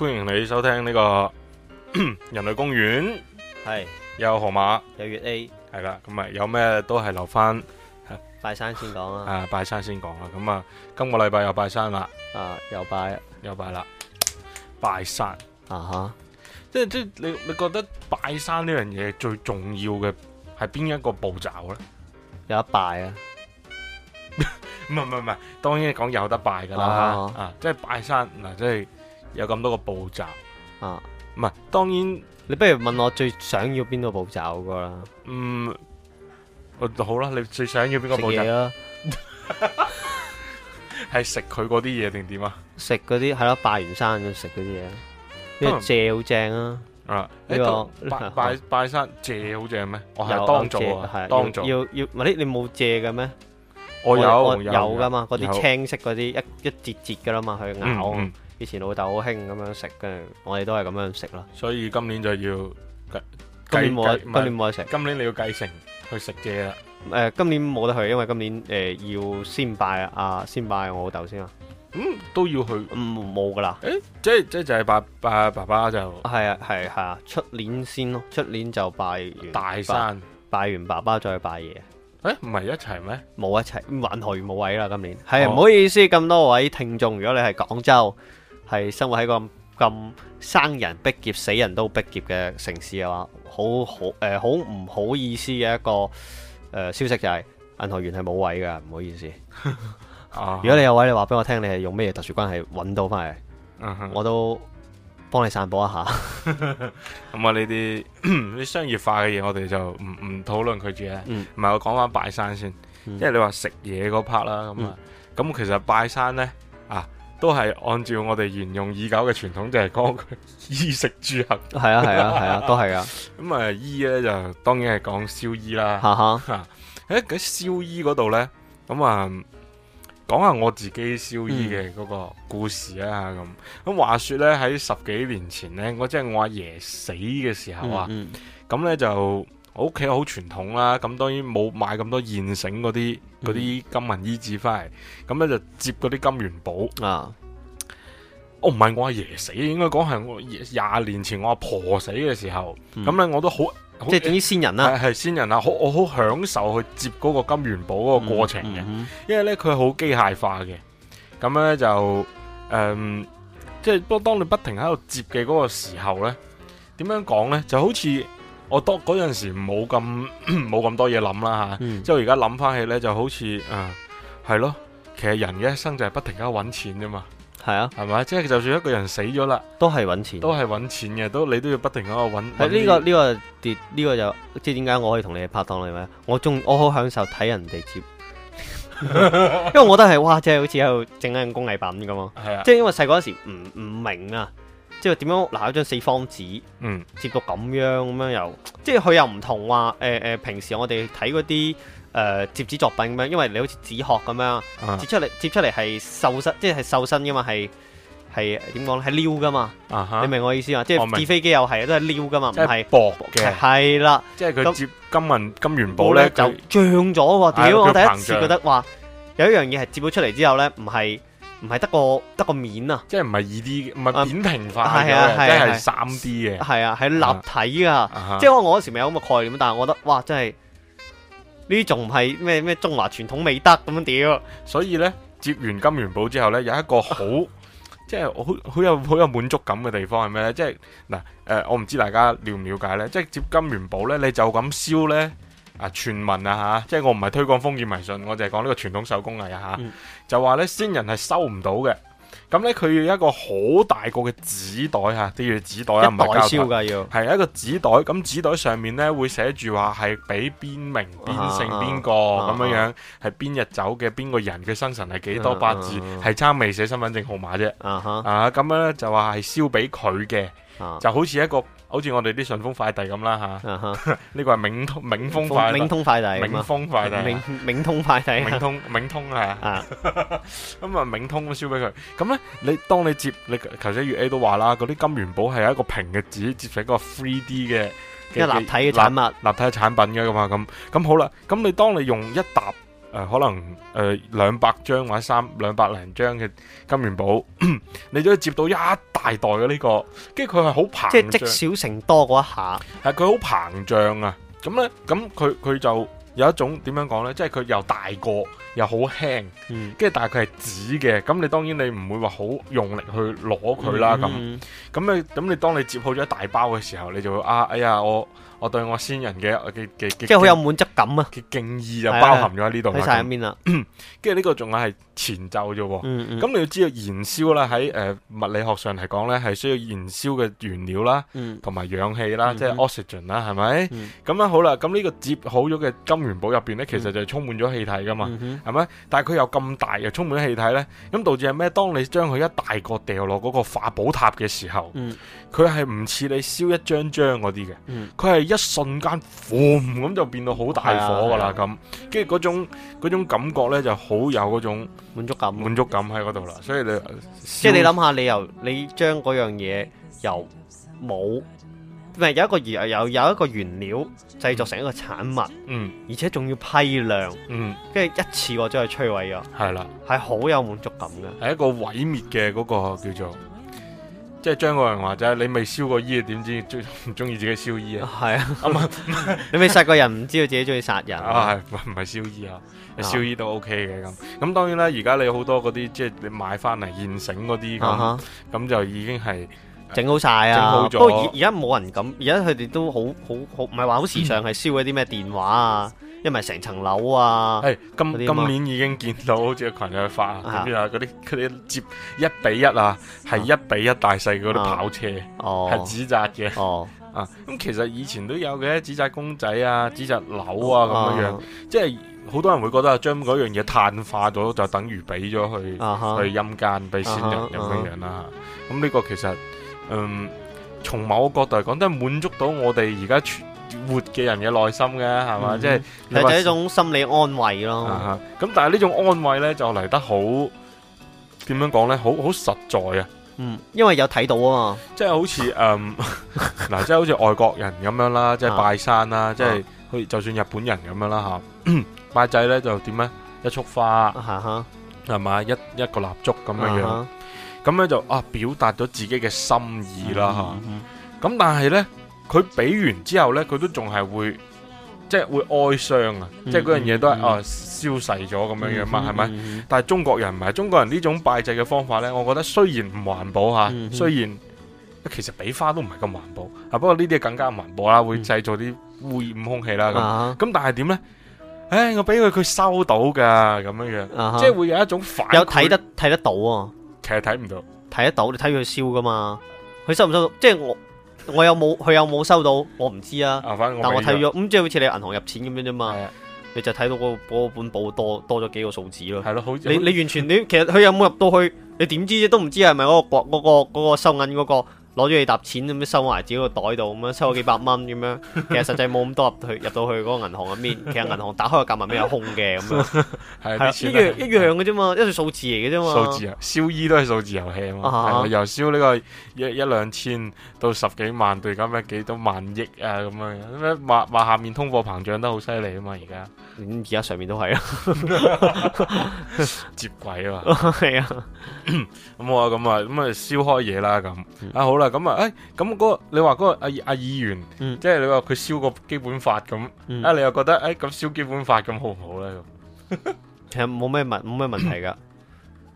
歡迎你收聽呢個人類公園是，係有河馬，有月 A，係啦，咁啊有咩都係留翻拜山先講啦，啊拜山先講啦，咁啊今個禮拜又拜山啦，啊，啊又拜又拜啦，拜山啊哈即，即係即係你你覺得拜山呢樣嘢最重要嘅係邊一個步驟咧？有得拜啊， 唔係唔係唔係，當然講有得拜噶啦，啊哈 啊，啊即係拜山嗱即係。有咁多個步驟啊，唔係，當然你不如問我最想要邊個步驟噶啦。嗯，好啦，你最想要邊個步驟？食嘢咯，係食佢嗰啲嘢定點啊？食嗰啲係咯，拜完山就食嗰啲嘢。啲蔗好正啊！啊，呢個拜拜山蔗好正咩？我係當造啊，當造。要要，唔係你冇蔗嘅咩？我有有噶嘛，嗰啲青色嗰啲一一節節噶啦嘛，去咬。以前老豆好興咁樣食嘅，我哋都係咁樣食啦。所以今年就要今年，今年冇，今年冇得食。今年你要繼承去食嘢啦。今年冇得去，因為今年、呃、要先拜阿、啊、先拜我老豆先。嗯，都要去。嗯，冇噶啦。誒、欸，即即就係拜拜爸爸就係啊，係啊，出、啊、年先咯，出年就拜大山，拜，拜完爸爸再拜嘢。唔係、欸、一齊咩？冇一齊，雲河園冇位啦。今年係唔、啊哦、好意思，咁多位聽眾，如果你係廣州。係生活喺個咁生人逼劫、死人都逼劫嘅城市嘅話，很好好誒，好、呃、唔好意思嘅一個誒、呃、消息就係銀河園係冇位㗎，唔好意思。 啊、如果你有位，你話俾我聽，你係用咩特殊關係揾到翻嚟，嗯、哼我都幫你散播一下。咁啊， 呢啲啲商業化嘅嘢、嗯，我哋就唔唔討論佢住咧。唔係，我講翻拜山先，即、嗯、因為你話食嘢嗰 part 啦，咁啊、嗯，咁其實拜山呢。啊。都係按照我哋沿用已久嘅傳統，就係講佢衣食住行。係啊，係啊，係啊，啊，都係啊。咁誒衣咧就當然係講燒衣啦。嚇嚇嚇！誒， 喺燒衣嗰度咧，咁啊講下我自己燒衣嘅嗰個故事啊。咁咁、嗯、話説咧，喺十幾年前咧，我即係我阿爺，爺死嘅時候啊，咁咧、嗯嗯、就。屋企好傳統啦，咁當然冇買咁多現成嗰啲啲金銀衣紙翻嚟，咁咧、嗯、就接嗰啲金元寶啊。哦、我唔係我阿爺死，應該講係我廿年前我阿婆死嘅時候，咁咧、嗯、我都好即係等於先人啦，係先人啊，先人我我好享受去接嗰個金元寶嗰個過程嘅，嗯嗯、因為咧佢好機械化嘅，咁咧就誒，即係不過當你不停喺度接嘅嗰個時候咧，點樣講咧就好似，我當嗰陣時冇咁冇咁多嘢諗啦、嗯、即之後而家諗翻起咧就好似誒係咯，其實人嘅一生就係不停咁揾錢啫嘛。係啊，係咪？即係就算一個人死咗啦，都係揾錢，都係揾錢嘅，都你都要不停喺度揾。呢、呢個呢、呢個跌呢、呢個就即係點解我可以同你係拍檔嚟嘅？我中我好享受睇人哋接， 因為我覺得係哇，即係好似喺度整緊工藝品咁嘛，係啊，即係因為細個嗰陣時唔唔明啊。即係點樣？嗱，一張四方紙，折到咁樣咁樣又，即係佢又唔同話，誒誒，平時我哋睇嗰啲誒折紙作品咁樣，因為你好似紙鶴咁樣，折出嚟，折出嚟係瘦身，即係瘦身噶嘛，係係點講咧？係撩噶嘛？你明我意思嘛？即係紙飛機又係，都係撩噶嘛？唔係薄嘅，係啦，即係佢折金銀金元寶咧，就漲咗喎！屌，我第一次覺得話有一樣嘢係折到出嚟之後咧，唔係。唔係得個得個面啊！即係唔係二 D，唔係扁平化嘅，即係三 D 嘅。係啊，係立體嘅啊。啊，即係我嗰時未有咁嘅概念，啊、但係我覺得，哇，真係呢啲仲唔係咩咩中華傳統美德咁樣屌！所以咧，接完金元寶之後咧，有一個好即係好好有好有滿足感嘅地方係咩咧？即係嗱，誒、就是呃，我唔知大家了唔了解咧，即、就、係、是、接金元寶咧，你就咁燒咧。啊！傳聞啊嚇，即係我唔係推廣封建迷信，我就係講呢個傳統手工藝啊嚇、嗯、就話咧先人係收唔到嘅，咁咧佢要一個好大個嘅紙袋嚇，譬、啊、要紙袋是的啊，唔係膠一要。係一個紙袋，咁紙袋上面咧會寫住話係俾邊名邊姓邊個咁樣樣，係邊、uh huh, 日走嘅邊個人嘅生辰係幾多八字，係、uh huh, uh huh, 差未寫身份證號碼啫。Uh、huh, 啊哈！咁樣咧就話係燒俾佢嘅，就、uh、huh, 就好似一個。好似我哋啲順豐快遞咁啦嚇，呢個係冥通冥豐快，冥通快遞，冥、啊、通快遞，冥通快遞，冥通冥通啊！咁啊冥通都燒俾佢，咁咧你當你接你頭先月 A 都話啦，嗰啲金元寶係一個平嘅紙，接成一個 three D 嘅，一個立體嘅產物，立，立體嘅產品嘅咁啊咁，咁好啦，咁你當你用一沓。誒、呃，可能誒兩百張或者三兩百零張嘅金元寶，你都接到一大袋嘅，呢、這個，跟住佢係好膨，即係積少成多嗰一下，係佢好膨脹啊！咁咧，咁佢佢就有一種點樣講咧，即係佢又大個，又好輕，跟住、嗯、但係佢係紙嘅，咁你當然你唔會話好用力去攞佢啦咁，咁、嗯、哼你咁你當你接好咗一大包嘅時候，你就會啊，哎呀我。我對我先人嘅嘅嘅，即係好有滿足感啊！嘅敬意就包含咗喺呢度喺曬入面啦，跟住呢個仲係。前奏啫喎，咁你要知道燃燒咧喺誒物理學上嚟講呢，係需要燃燒嘅原料啦，同埋氧氣啦，即係 oxygen 啦，係咪？咁樣好啦，咁呢個接好咗嘅金元寶入面呢，其實就係充滿咗氣體噶嘛，係咪？但係佢又咁大又充滿咗氣體呢，咁導致係咩？當你將佢一大個掉落嗰個化寶塔嘅時候，佢係唔似你燒一張張嗰啲嘅，佢係一瞬間 boom 咁就變到好大火㗎啦，咁，跟住嗰種嗰種感覺呢，就好有嗰種。滿足感，滿足感喺嗰度啦，所以你即係你諗下，你將由你將嗰樣嘢由冇，唔係有，有一個而有有一個原料製作成一個產物，嗯，而且仲要批量，嗯，跟住一次過將佢摧毀咗，係啦，係好有滿足感嘅，係一個毀滅嘅嗰個叫做。即係張國榮話齋，你未燒過衣點知中唔中意自己燒衣啊？係啊， 你未殺過人唔知道自己中意殺人啊？係唔係燒衣啊？燒衣都 OK 嘅咁。咁當然啦，而家你好多嗰啲即係你買翻嚟現成嗰啲咁，咁就已經係整好晒啊！好了不過而而家冇人咁，而家佢哋都好好好，唔係話好時尚，係、嗯、燒嗰啲咩電話啊。因為成層樓啊！係、欸、今今年已經見到，好似群友發，跟住啊嗰啲接一比一啊，係一比一、啊啊、大細嗰啲跑車，係紙紮嘅。哦啊，咁、啊啊、其實以前都有嘅紙紮公仔啊、紙紮樓啊咁樣樣，啊、即係好多人會覺得將嗰樣嘢碳化咗，就等於俾咗去、啊、哈去陰間俾先人咁樣樣啦。咁呢、啊、哈個其實，嗯，從某個角度嚟講，都係滿足到我哋而家活嘅人嘅內心嘅係嘛，即係就係一種心理安慰咯。咁但係呢種安慰咧就嚟得好點樣講咧？好好實在啊！嗯，因為有睇到啊嘛，即係好似誒嗱，即係好似外國人咁樣啦，即係拜山啦，即係好似就算日本人咁樣啦吓，拜祭咧就點咧？一束花係嘛，一一個蠟燭咁嘅樣，咁咧就啊表達咗自己嘅心意啦吓。咁但係咧。佢俾完之後咧，佢都仲係會，即係會哀傷啊！即係嗰樣嘢都係啊，消逝咗咁樣樣嘛，係咪？但係中國人唔係，中國人呢種拜祭嘅方法咧，我覺得雖然唔環保吓，雖然其實俾花都唔係咁環保啊，不過呢啲更加唔環保啦，會製造啲污染空氣啦咁。咁但係點咧？唉，我俾佢，佢收到噶咁樣樣，即係會有一種反有睇得睇得到啊！其實睇唔到，睇得到，你睇佢燒噶嘛？佢收唔收到？即係我。我有冇佢有冇收到？我唔知啊。但我睇咗咁即係好似你銀行入錢咁樣啫嘛。的你就睇到嗰、嗰、嗰、嗰本簿多多咗幾個數字咯。係咯，你你完全點？其實佢有冇入到去？你點知啫？都唔知係咪嗰個、嗰個、嗰個收銀嗰、嗰個。攞咗你沓錢咁樣收埋自己個袋度，咁樣收咗幾百蚊咁樣，其實實際冇咁多入去入到去嗰個銀行入面，其實銀行打開個夾埋面係空嘅，咁樣係一一樣嘅啫嘛，一對數字嚟嘅啫嘛。數字啊，燒衣都係數字遊戲啊嘛，啊由燒呢個一一兩千到十幾萬對，咁啊幾多萬億啊咁樣，咩話，話下面通貨膨脹得好犀利啊嘛，而家咁而家上面都係啊， 接軌啊嘛，係啊，咁啊咁啊咁啊燒開嘢啦咁，啊好啦。咁啊，誒，咁、哎、嗰、那個你話嗰個阿阿議員，嗯、即係你話佢燒個基本法咁，啊、嗯，你又覺得誒咁燒基本法咁好唔好咧？ 其實冇咩問，冇咩問題噶。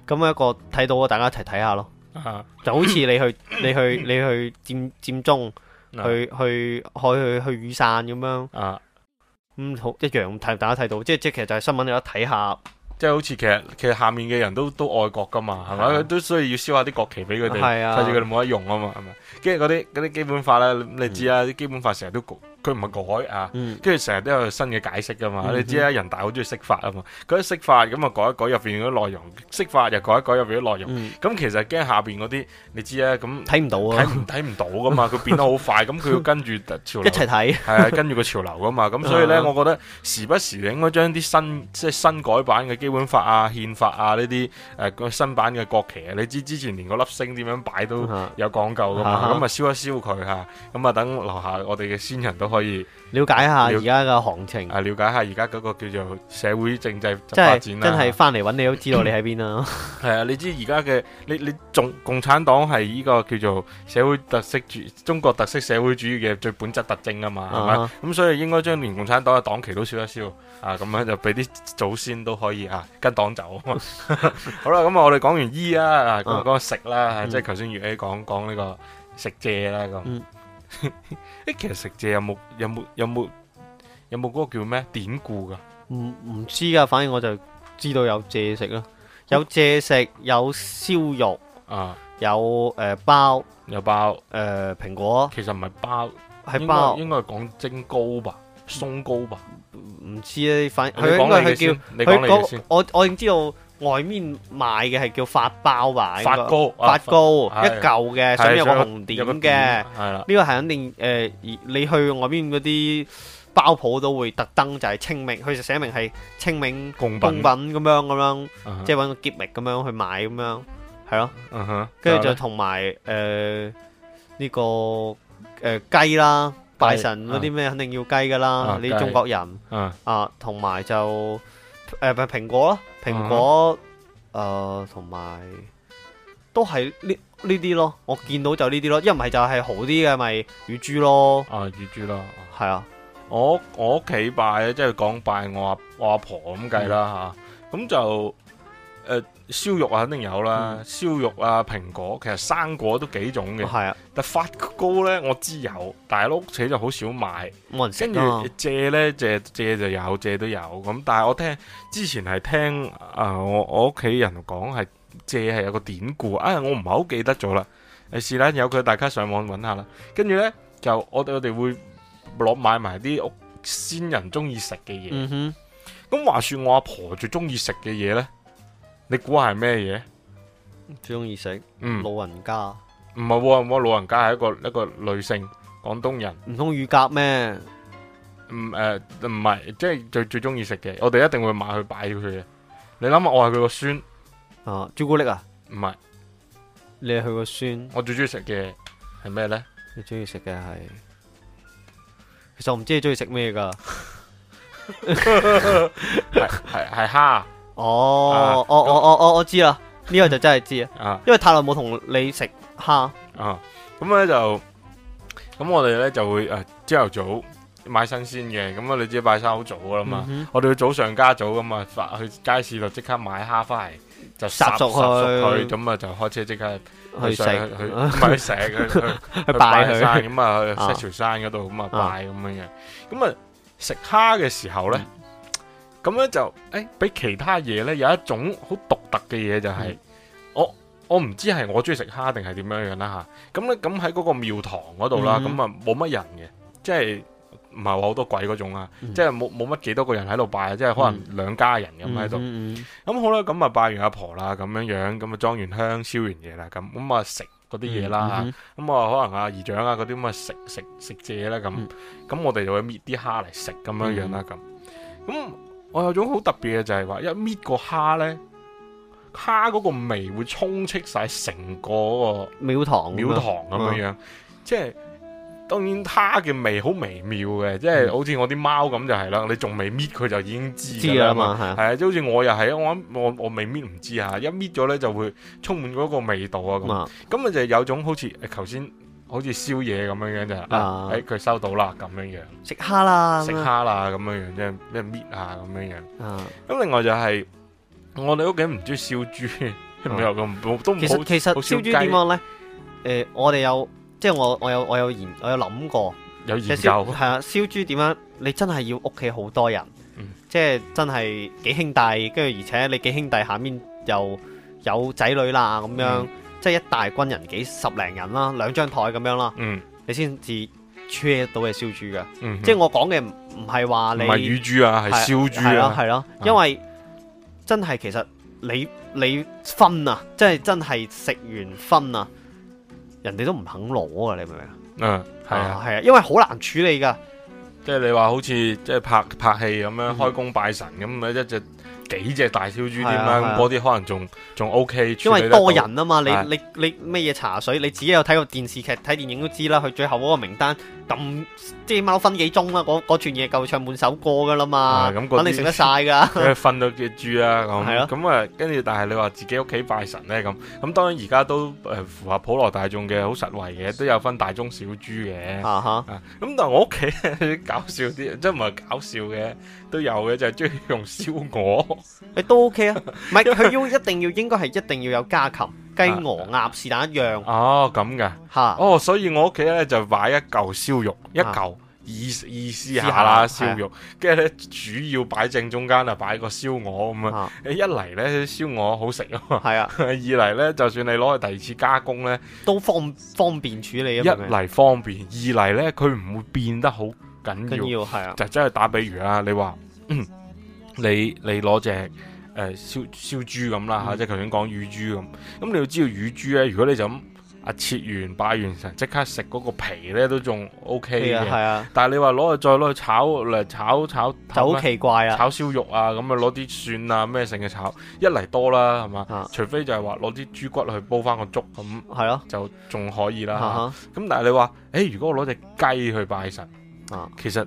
咁 一個睇到，大家一齊睇下咯。啊、就好似你去，你去，你去佔佔中，啊、去去海去去雨傘咁樣。啊，咁好一樣睇，大家睇到，即係即係，其實就係新聞，有得睇下。即係好似其實其實下面嘅人都都愛國噶嘛，係咪吧？佢都需要要燒下啲國旗俾佢哋，係啊，睇住佢哋冇得用啊嘛，係咪？跟住嗰啲嗰啲基本法咧，你知啊？啲、嗯、基本法成日都焗。佢唔係改啊，跟住成日都有新嘅解釋噶嘛，嗯、哼你知啊？人大好中意釋法啊嘛，佢啲釋法咁啊改一改入面嗰啲內容，釋法又改一改入面啲內容，咁、嗯、其實驚下面嗰啲，你知啊？咁睇唔到啊，睇唔到噶嘛？佢變得好快，咁佢要跟住潮流一齊睇，係啊，跟住個潮流噶嘛，咁所以咧，嗯、我覺得時不時應該將啲新即係新改版嘅基本法啊、憲法啊呢啲、呃、新版嘅國旗啊，你知之前連個粒星點樣擺都有講究噶嘛，咁啊燒一燒佢嚇，咁啊等樓下我哋嘅先人都。可以了解一下而家嘅行情，啊，了解一下而家嗰個叫做社會政制發展啦。真係翻嚟揾你都知道你喺邊啊，係、 嗯、啊，你知而家嘅你你共共產黨係呢個叫做社會特色主中國特色社會主義嘅最本質特徵啊嘛。係咪、uh？咁、huh. 所以應該將連共產黨嘅黨旗都燒一燒啊，咁樣就俾啲祖先都可以啊跟黨走。 啊嘛。好啦，咁啊，我哋講完衣啊，講、huh. 講食啦，即係頭先粵 A 講講呢個食蔗啦咁。 誒，其實食蔗有冇有冇有冇有冇嗰個叫咩典故噶？唔唔、嗯、知噶，反正我就知道有蔗食啦，有蔗食，有燒肉，啊、嗯，有誒、呃、包，有包，誒蘋、呃、果，其實唔係包，係包，應該係講蒸糕吧，鬆糕吧，唔、嗯、知咧，反正佢應該佢叫我，我已經知道。外面賣嘅係叫發包吧，發糕發糕一嚿嘅，上面有個紅點嘅，呢個係肯定誒，你去外邊嗰啲包鋪都會特登就係清明，佢就寫明係清明供品咁樣咁樣，即係揾個揭秘咁樣去買咁樣，係咯，跟住就同埋誒呢個誒雞啦，拜神嗰啲咩肯定要雞㗎啦，你中國人啊，同埋就。誒，唔係蘋果咯，蘋果誒，同埋、啊、呃、都係呢呢啲咯，我見到就呢啲咯，一唔係就係好啲嘅咪乳豬咯，啊乳豬咯係啊，是啊我我屋企拜即係講拜我阿我阿婆咁計啦吓，咁、嗯、啊、就。誒，燒、呃、肉啊，肯定有啦。燒、嗯、肉啊，蘋果，其實生果都幾種嘅。係啊，但發糕咧，我知有，但係屋企就好少買。跟住、嗯、借咧，借借就有，借都有。咁但係我聽之前係聽啊、呃，我我屋企人講係借係有個典故啊、哎，我唔係好記得咗啦。是啦，有佢大家上網搵下啦。跟住咧就我我哋會攞買埋啲屋先人中意食嘅嘢。嗯、哼。咁話說我阿婆最中意食嘅嘢咧？你估下係咩嘢？最中意食，嗯，老人家？唔係我冇老人家係一個一個女性廣東人。唔通乳鴿咩？唔、誒唔係，即係最最中意食嘅，我哋一定會買去擺住佢嘅。你諗下我是，我係佢個孫啊，朱古力啊，唔係是你係佢個孫。我最中意食嘅係咩咧？你中意食嘅係，其實我唔知你中意食咩噶，係係蝦。是蝦哦，我我我我我知啦，呢個就真係知啊，因為太耐冇同你食蝦。啊，咁咧就，咁我哋咧就會誒，朝頭早買新鮮嘅，咁啊你知拜山好早噶啦嘛，我哋要早上加早咁啊，去街市度即刻買蝦翻嚟，就殺熟去，咁啊就開車即刻去食去，買食去拜去咁啊西樵山嗰度咁啊拜咁樣嘅。咁啊食蝦嘅時候咧。咁咧就，誒、欸，比其他嘢咧有一種好獨特嘅嘢就係、是嗯，我我唔知係我中意食蝦定係點樣樣啦吓，咁咧咁喺嗰個廟堂嗰度啦，咁啊冇乜人嘅，即係唔係話好多鬼嗰種啊，即係冇冇乜幾多個人喺度拜啊，即、就、係、是、可能兩家人咁喺度。咁、嗯嗯嗯、好啦，咁啊拜完阿婆啦，咁樣樣，咁啊裝完香燒完嘢啦，咁咁啊食嗰啲嘢啦，咁啊、嗯嗯、可能阿姨丈啊嗰啲咁啊食食食蔗啦咁，咁、嗯、我哋就會搣啲蝦嚟食咁樣樣啦咁，咁。我有種好特別嘅就係話，一搣個蝦咧，蝦嗰個味會充斥晒成個嗰個廟堂廟堂咁樣，嗯、即係當然蝦嘅味好微妙嘅，嗯、即係好似我啲貓咁就係啦。你仲未搣佢就已經知知啦嘛，係啊，即係好似我又係，我我我未搣唔知啊，一搣咗咧就會充滿嗰個味道啊咁，咁啊、嗯、就有種好似頭先，剛才好似燒嘢咁樣樣就啊，誒佢收到啦咁樣樣，食蝦啦，食蝦啦咁樣樣，即係咩搣下咁樣樣。咁另外就係我哋屋企唔中意燒豬，唔咁都冇。其實其實燒豬點講咧？誒，我哋有即係我我有我有研我有諗過，有研究係啊。燒豬點樣？你真係要屋企好多人，即係真係幾兄弟，跟住而且你幾兄弟下面又有仔女啦咁樣。即係一大軍人幾十零人啦，兩張台咁樣啦，嗯、你先至 check 到嘅燒豬噶，嗯、哼即係我講嘅唔係話你，唔係乳豬啊，係燒豬啊，係咯，因為真係其實你你分啊，即係真係食完分啊，人哋都唔肯攞啊，你明唔明啊？嗯，係啊，係啊，因為好難處理噶，即係你話好似即係拍拍戲咁樣，嗯、哼開工拜神咁啊，一隻。幾隻大小豬點樣？嗰啲、啊啊、可能仲仲 OK，因為多人啊嘛！啊你你你咩嘢茶水？你自己有睇過電視劇、睇電影都知啦。佢最後嗰個名單。咁即係貓分幾鐘啦？嗰串嘢夠唱半首歌噶啦嘛，啊、那那肯定食得晒噶。佢瞓到隻豬啊咁。係咯。咁啊，跟住是、啊嗯、但係你話自己屋企拜神咧咁，咁當然而家都誒符合普羅大眾嘅好實惠嘅，都有分大中小豬嘅。咁、啊啊、但係我屋企搞笑啲，即係唔係搞笑嘅都有嘅，就係中意用燒鵝。誒，都 OK 啊。唔係佢要一定要應該係一定要有家禽。雞鵝鴨是但一樣哦，咁嘅，吓哦，所以我屋企咧就擺一嚿燒肉，一嚿意意思下啦燒肉，跟住咧主要擺正中間就擺個燒鵝咁樣，一嚟咧燒鵝好食啊嘛，係啊，二嚟咧就算你攞去第二次加工咧，都方方便處理啊，一嚟方便，二嚟咧佢唔會變得好緊要，係啊，就真係打比如啦，你話嗯你你攞隻。誒、呃、燒燒豬咁啦嚇，即係頭先講乳豬咁。咁你要知道乳豬咧，如果你就咁啊切完拜完神，即刻食嗰個皮咧都仲 O K 嘅。係啊，但係你話攞去再攞去炒嚟炒炒，炒，炒就好奇怪啊！炒燒肉啊，咁啊攞啲蒜啊咩剩嘅炒，一嚟多啦，係嘛？啊、除非就係話攞啲豬骨去煲翻個粥咁，係咯，就仲可以啦。咁的、啊、但係你話，誒、欸、如果我攞隻雞去拜神啊，其實。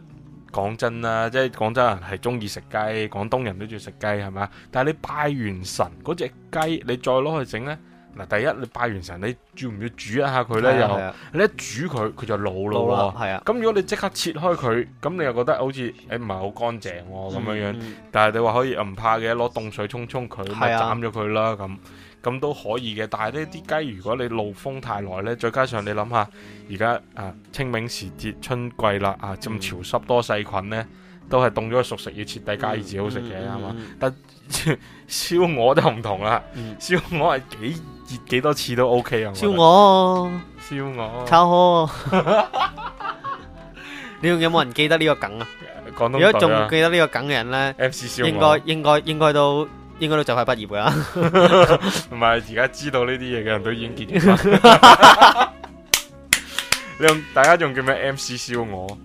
講真啦，即係廣州人係中意食雞，廣東人都中意食雞，係咪啊？但係你拜完神嗰隻雞，你再攞去整呢？嗱，第一你拜完神，你要唔要煮一下佢呢？又的你一煮佢，佢就老咯。係啊。咁如果你即刻切開佢，咁你又覺得好似誒唔係好乾淨喎、哦、咁樣樣。嗯、但係你話可以唔怕嘅，攞凍水沖沖佢，咪斬咗佢啦咁。咁都可以嘅，但係呢啲雞如果你露風太耐呢，再加上你諗下而家啊清明時節春季啦啊，咁潮濕多細菌呢，都係凍咗熟食要徹底加熱至好食嘅，係咪？但燒鵝就唔同啦，燒鵝係幾熱幾多次都 OK 啊。燒鵝鵝，燒鵝，炒河，有冇人記得呢個梗啊？啊如果仲記得呢個梗嘅人呢？MC 燒鵝應該應該應該都。應該都就快畢業噶啦， 同埋而家知道呢啲嘢嘅人都已經結咗婚。你用大家仲叫咩？MC 燒鵝，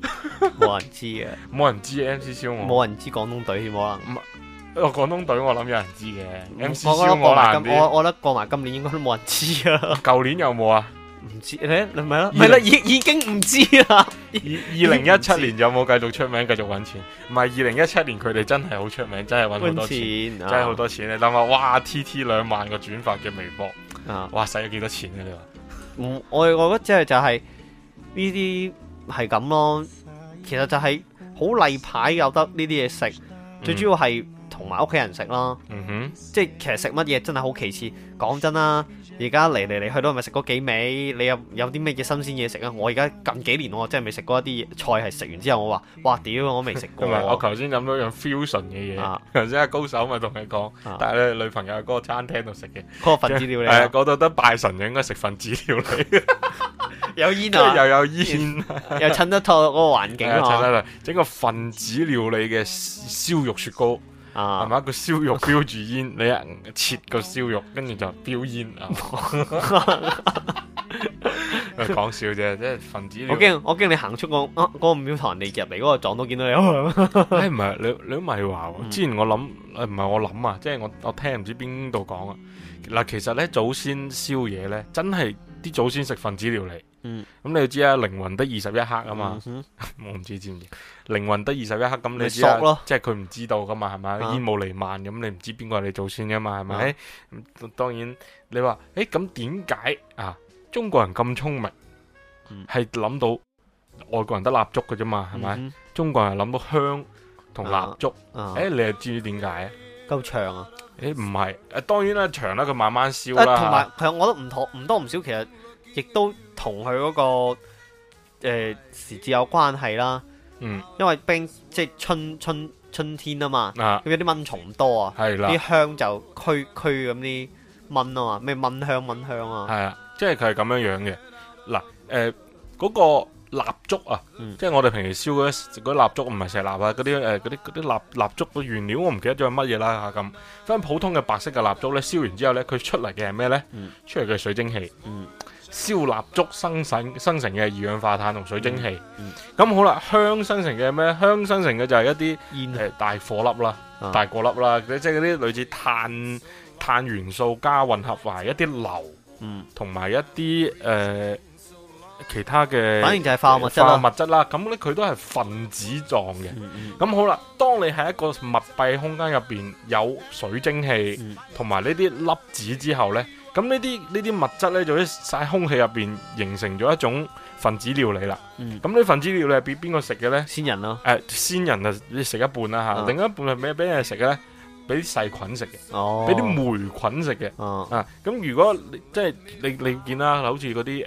冇人知嘅，冇人知 MC 燒鵝，冇人知廣東隊冇可能。哦，廣東隊我諗有人知嘅。MC 燒鵝難啲，我我覺得過埋今,今,今年應該都冇人知啊。舊年有冇啊？唔知咧，唔係咯，唔係啦，已經唔知，二零一七，已經唔知啦。二零一七年有冇繼續出名，繼續揾錢？唔係二零一七年佢哋真係好出名，真係揾好多錢，錢真係好多錢。啊、你諗下，哇！T T 兩萬個轉發嘅微博，哇！使咗幾多錢啊？你話我我覺得即係就係呢啲係咁咯。其實就係好例牌，有得呢啲嘢食，嗯、最主要係同埋屋企人食咯。嗯、哼即，即係其實食乜嘢真係好其次。講真啦。而家嚟嚟嚟去都係咪食嗰幾味？你有有啲咩嘢新鮮嘢食啊？我而家近幾年我真係未食過一啲菜，係食完之後我話，哇！屌，我未食過、啊。 我頭先飲咗樣 fusion 嘅嘢。頭先阿高手咪同你講，啊、但係咧女朋友嗰個餐廳度食嘅。嗰個分子料理。係啊，嗰度得拜神嘅應該食分子料理。有煙啊，又有煙，又襯得透嗰個環境。整個分子料理嘅燒肉雪糕。係咪一個燒肉標住煙？你切個燒肉，跟住就標煙啊！講笑啫，即係分子料理我。我驚我驚你行出個，五、啊嗰個、秒堂，人哋入嚟嗰個撞都見到你。誒、啊，唔係、 欸、你你都咪話喎？之前我諗唔係我諗啊，即係我我聽唔知邊度講啊。嗱，其實咧，祖先燒嘢咧，真係啲祖先食分子料理。嗯，咁你要知啊，靈魂得二十一克啊嘛，我唔知知唔知，靈魂得二十一克，咁你知啦，即係佢唔知道噶嘛，係咪？煙霧彌漫，咁你唔知邊個係你祖先噶嘛，係咪？咁當然你話，誒，咁點解啊？中國人咁聰明，係諗到外國人得蠟燭嘅啫嘛，係咪？中國人諗到香同蠟燭，誒，你又知唔知點解？夠長啊？誒，唔係，誒，當然啦，長啦，佢慢慢燒啦。同埋，我都唔多唔多唔少，其實亦都。同佢嗰個誒、呃、時節有關係啦，嗯，因為冰即係春春春天啊嘛，有啲、啊、蚊蟲多啊，係啦的，啲香就驅驅咁啲蚊啊嘛，咩蚊香蚊香啊，係啊，即係佢係咁樣樣嘅。嗱誒，嗰、呃那個蠟燭啊，嗯、即係我哋平時燒嗰啲嗰啲蠟燭，唔係石蠟啊，嗰啲誒啲啲蠟蠟燭嘅原料我，我唔記得咗係乜嘢啦咁。分、那個、普通嘅白色嘅蠟燭咧，燒完之後咧，佢出嚟嘅係咩咧？嗯、出嚟嘅水蒸氣。嗯燒蠟燭生成生成嘅二氧化碳同水蒸氣，咁、嗯嗯、好啦。香生成嘅咩？香生成嘅就係一啲誒煙、呃、大火粒啦、啊、大火粒啦，即係啲類似碳碳元素加混合埋、啊、一啲硫，同埋、嗯、一啲誒、呃、其他嘅。反而就係化學物質化物質啦，咁咧佢都係分子狀嘅。咁、嗯嗯、好啦，當你喺一個密閉空間入邊有水蒸氣同埋呢啲粒子之後咧。咁呢啲呢啲物質咧，就喺晒空氣入面形成咗一種分子料理啦。嗯，咁呢份子料理係畀邊個食嘅咧？仙人咯。誒，仙人啊，你食、呃、一半啦另、嗯、一半係咩？俾人食咧，俾細菌食嘅。哦。俾啲霉菌食嘅。嗯、啊，咁如果即係你、就是、你，你見啦，好似嗰啲誒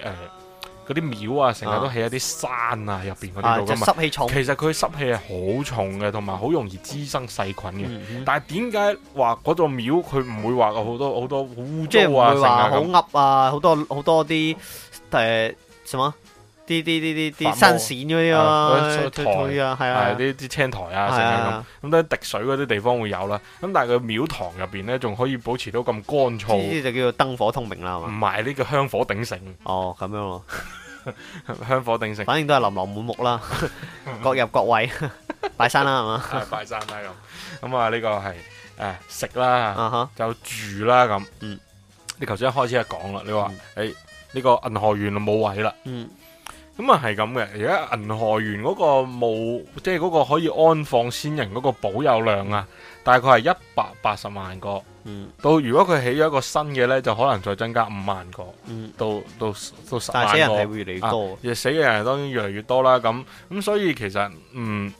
嗰啲廟啊，成日都起一啲山啊入面嗰啲，即係濕氣重。其實佢濕氣係好重嘅，同埋好容易滋生細菌嘅。嗯、哼但係點解話嗰座廟佢唔會話有好多好多污糟啊、成日好噏啊，好多好多啲係什麼？呃啲啲啲啲啲生蘚嗰啲咯，台係啊，啲啲青苔啊，咁咁都滴水嗰啲地方會有啦。咁但係佢廟堂入邊咧，仲可以保持到咁乾燥。呢啲就叫做燈火通明啦，係嘛？唔係呢個香火鼎盛。哦，咁樣咯，香火鼎盛，反正都係琳琅滿目啦，各入各位拜山啦，係嘛？係拜山啦咁。咁啊呢個係誒食啦，就住啦咁。嗯，你頭先一開始就講啦，你話誒呢個銀河園冇位啦。嗯。咁啊，係咁嘅。而家銀河園嗰個冇，即係嗰個可以安放先人嗰個保有量啊，大概係一百八十萬個。嗯，到如果佢起咗一個新嘅咧，就可能再增加五萬個。嗯，到到到十萬個。死人越嚟越多啊！死嘅人當然越嚟越多啦。咁咁，所以其實嗯，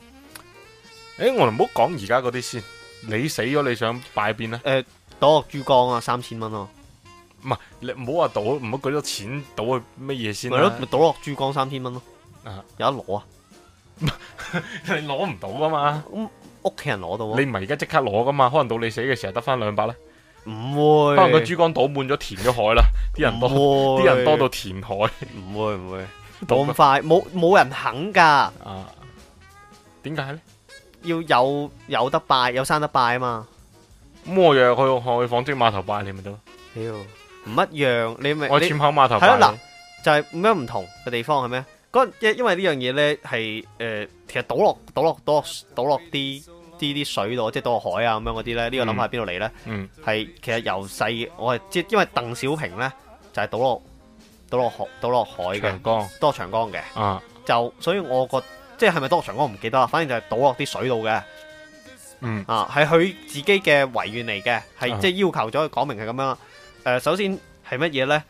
欸、我哋唔好講而家嗰啲先。你死咗，你想擺邊咧？誒、呃，我珠江啊，三千蚊咯，啊。唔係你唔好話賭，唔好舉咗錢賭去乜嘢先？係咯，咪賭落珠江三千蚊咯，有得攞啊？你攞唔到噶嘛？咁屋企人攞到，你唔係而家即刻攞噶嘛？可能到你死嘅時候得翻兩百咧。唔會，可能個珠江倒滿咗，填咗海啦，啲人多，啲人多到填海。唔會唔會，咁快？冇冇人肯噶？啊，點解咧？要有有得拜，有生得拜啊嘛。咁我又去去紡織碼頭拜你咪得咯。唔一樣，你咪我淺口碼頭係啊，嗱就係咁樣唔同嘅地方係咩？嗰因為這樣呢樣嘢咧係誒，其實倒落倒落多倒落啲啲啲水度，即係倒落海啊咁樣嗰啲咧。呢個諗法喺邊度嚟？咧？嗯，係、嗯、其實由細我係即因為鄧小平咧就係、是、倒落倒落倒落海嘅長江，倒落長江嘅、啊、就所以我覺即係咪多落長江唔記得啦，反正就係倒落啲水度嘅嗯啊係佢自己嘅遺願嚟嘅，係即係要求咗佢講明係咁樣。誒，首先係乜嘢？咧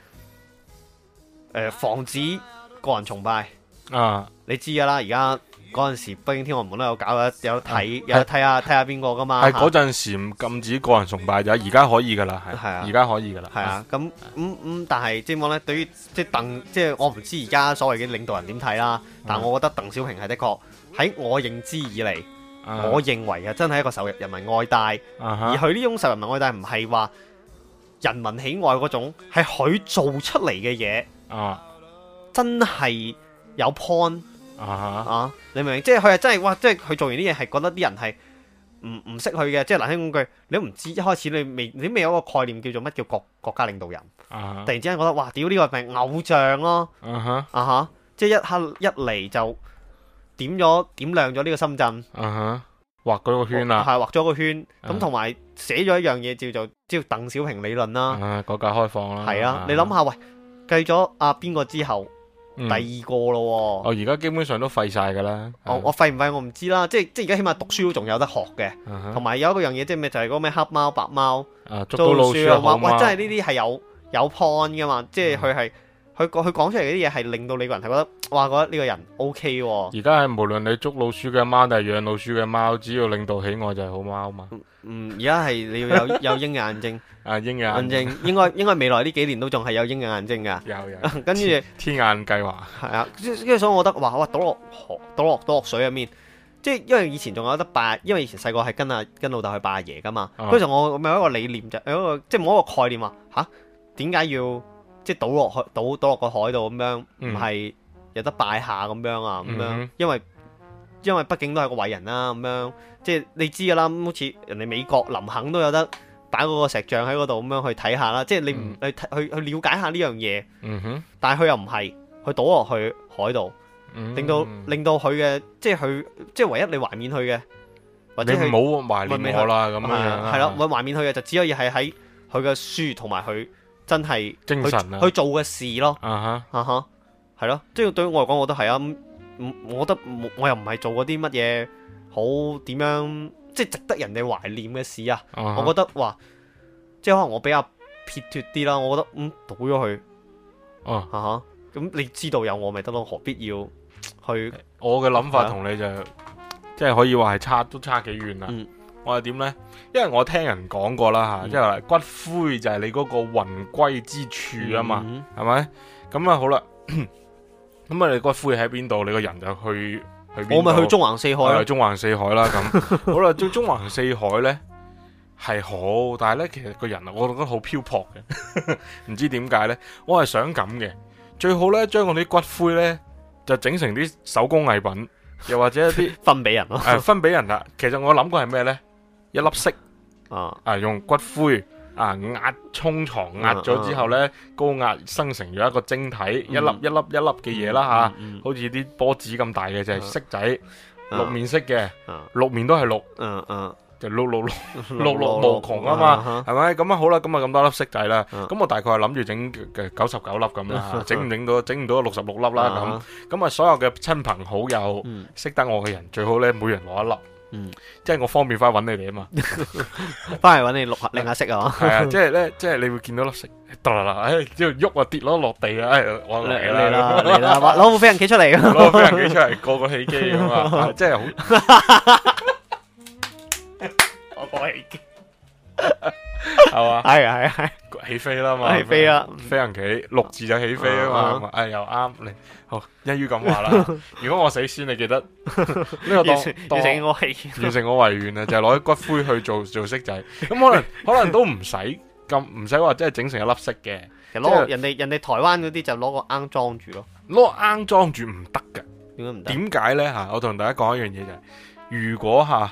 誒，防止個人崇拜啊，你知噶啦。而家嗰陣時，北京天安門都有搞，有睇，有睇下睇下邊個噶嘛。係嗰陣時唔禁止個人崇拜就，而家可以噶啦，係係啊，而家可以噶啦，係啊。咁咁咁，但係即係點講咧？對於即係鄧，即係我唔知而家所謂嘅領導人點睇啦。但係我覺得鄧小平係的確喺我認知以嚟，我認為啊，真係一個受人民愛戴。而佢呢種受人民愛戴，唔係話。人民喜愛嗰種係佢做出嚟嘅嘢，啊、uh，huh. 真係有 point、uh huh. 啊，你明唔明？即係佢係真係，哇！即係佢做完啲嘢，係覺得啲人係唔唔識佢嘅。即係嗱，聽講句，你都唔知一開始你未，你都未有一個概念叫做乜叫做國國家領導人。Uh huh. 突然之間覺得，哇！屌呢、這個係咪偶像咯？啊哈，即係一刻一嚟就點咗點亮咗呢個深圳。Uh huh. 畫咗個圈啦，係畫咗個圈，咁同埋寫咗一樣嘢叫做即係鄧小平理論啦，啊，改革開放啦，係啊，你諗下喂，計咗阿邊個之後第二個咯，我而家基本上都廢晒噶啦，我我廢唔廢我唔知啦，即係即係而家起碼讀書都仲有得學嘅，同埋有一個樣嘢即係咩，就係嗰咩黑貓白貓，捉到老鼠就貓，喂真係呢啲係有有 point 噶嘛，即係佢係。佢佢講出嚟啲嘢係令到你個人係覺得，哇覺得呢個人 O K 喎。而家係無論你捉老鼠嘅貓定係養老鼠嘅貓，只要領導喜愛就係好貓嘛。嗯，而家係你要有有鷹嘅眼睛。 眼睛啊，鷹眼眼睛，應該應該未來呢幾年都仲係有鷹嘅眼睛㗎。有跟住天眼計劃。係啊，跟住所以我覺得哇倒落河，落倒落水入面，即係因為以前仲有得拜，因為以前細個係跟阿跟老豆去拜阿爺㗎嘛。嗰陣、嗯、我咪有一個理念就係一個，即係冇一個概念話吓，點、啊、解要。即係倒落去，倒倒落個海度咁樣，唔係有得拜下咁樣啊，咁樣，因為因為畢竟都係個偉人啦，咁樣，即係你知噶啦，好似人哋美國林肯都有得擺嗰個石像喺嗰度，咁樣去睇下啦，即係你唔去去去了解下呢樣嘢，但係佢又唔係，去倒落去海度，令到令到佢嘅，即係佢，即係唯一你懷緬佢嘅，或者係冇懷念我啦，咁樣，係咯，冇懷緬佢嘅就只可以係喺佢嘅書同埋佢。真係精神、啊、去做嘅事咯，uh、huh, 啊哈啊哈，係、huh, 咯，即係對於我嚟講，我都係啊。我覺得我又唔係做嗰啲乜嘢好點樣，即係值得人哋懷念嘅事啊。Uh、huh, 我覺得話，即係可能我比較撇脱啲啦。我覺得，嗯，倒咗佢，哦啊哈，咁、huh, 你知道有我咪得咯，何必要去？我嘅諗法同你就，啊、即係可以話係差都差幾遠啊。嗯我係點呢？因為我聽人講過啦吓，即係、嗯、骨灰就係你嗰個魂歸之處啊嘛，係咪、嗯？咁啊好啦，咁啊你骨灰喺邊度？你個人就去去邊？我咪去縱橫四海咯，縱橫四海啦咁。好啦， 縱縱橫四海呢？係好，但係呢，其實個人我覺得好漂泊嘅，唔 知點解呢？我係想咁嘅，最好呢，將我啲骨灰呢，就整成啲手工藝品，又或者一啲 分俾人咯、哎。分俾人啦。其實我諗過係咩呢？一粒色，啊，用骨灰啊壓沖床壓咗之後咧，高壓生成咗一個晶體，一粒一粒一粒嘅嘢啦吓，好似啲波子咁大嘅就係色仔，六面色嘅，六面都係綠，嗯嗯，就六六六六六無窮啊嘛，係咪？咁啊好啦，咁啊咁多粒色仔啦，咁我大概係諗住整九十九粒咁啦，整唔整到？整唔到六十六粒啦咁，咁啊所有嘅親朋好友識得我嘅人，最好咧每人攞一粒。嗯，即係我方便翻去揾你哋啊嘛，翻嚟揾你錄下，另下色啊！係啊，即係咧，即係你會見到粒色得啦啦，誒，之後喐啊跌落落地啊，誒，我嚟啦嚟啦，攞部飛行機出嚟，攞飛人企出嚟，過個起機咁嘛，即係好。係嘛？係啊係啊，起飛啦嘛！起飛啦，飛行棋六字就起飛啦嘛！啊又啱嚟，好一於咁話啦。如果我死先，你記得呢個當完成我遺完成我遺願啊，就攞啲骨灰去做做色仔。咁可能可能都唔使咁，唔使話真係整成一粒色嘅。其實攞人哋人哋台灣嗰啲就攞個罌裝住咯。攞個罌裝住唔得嘅，點解唔得點解咧？吓，我同大家講一樣嘢就係，如果吓，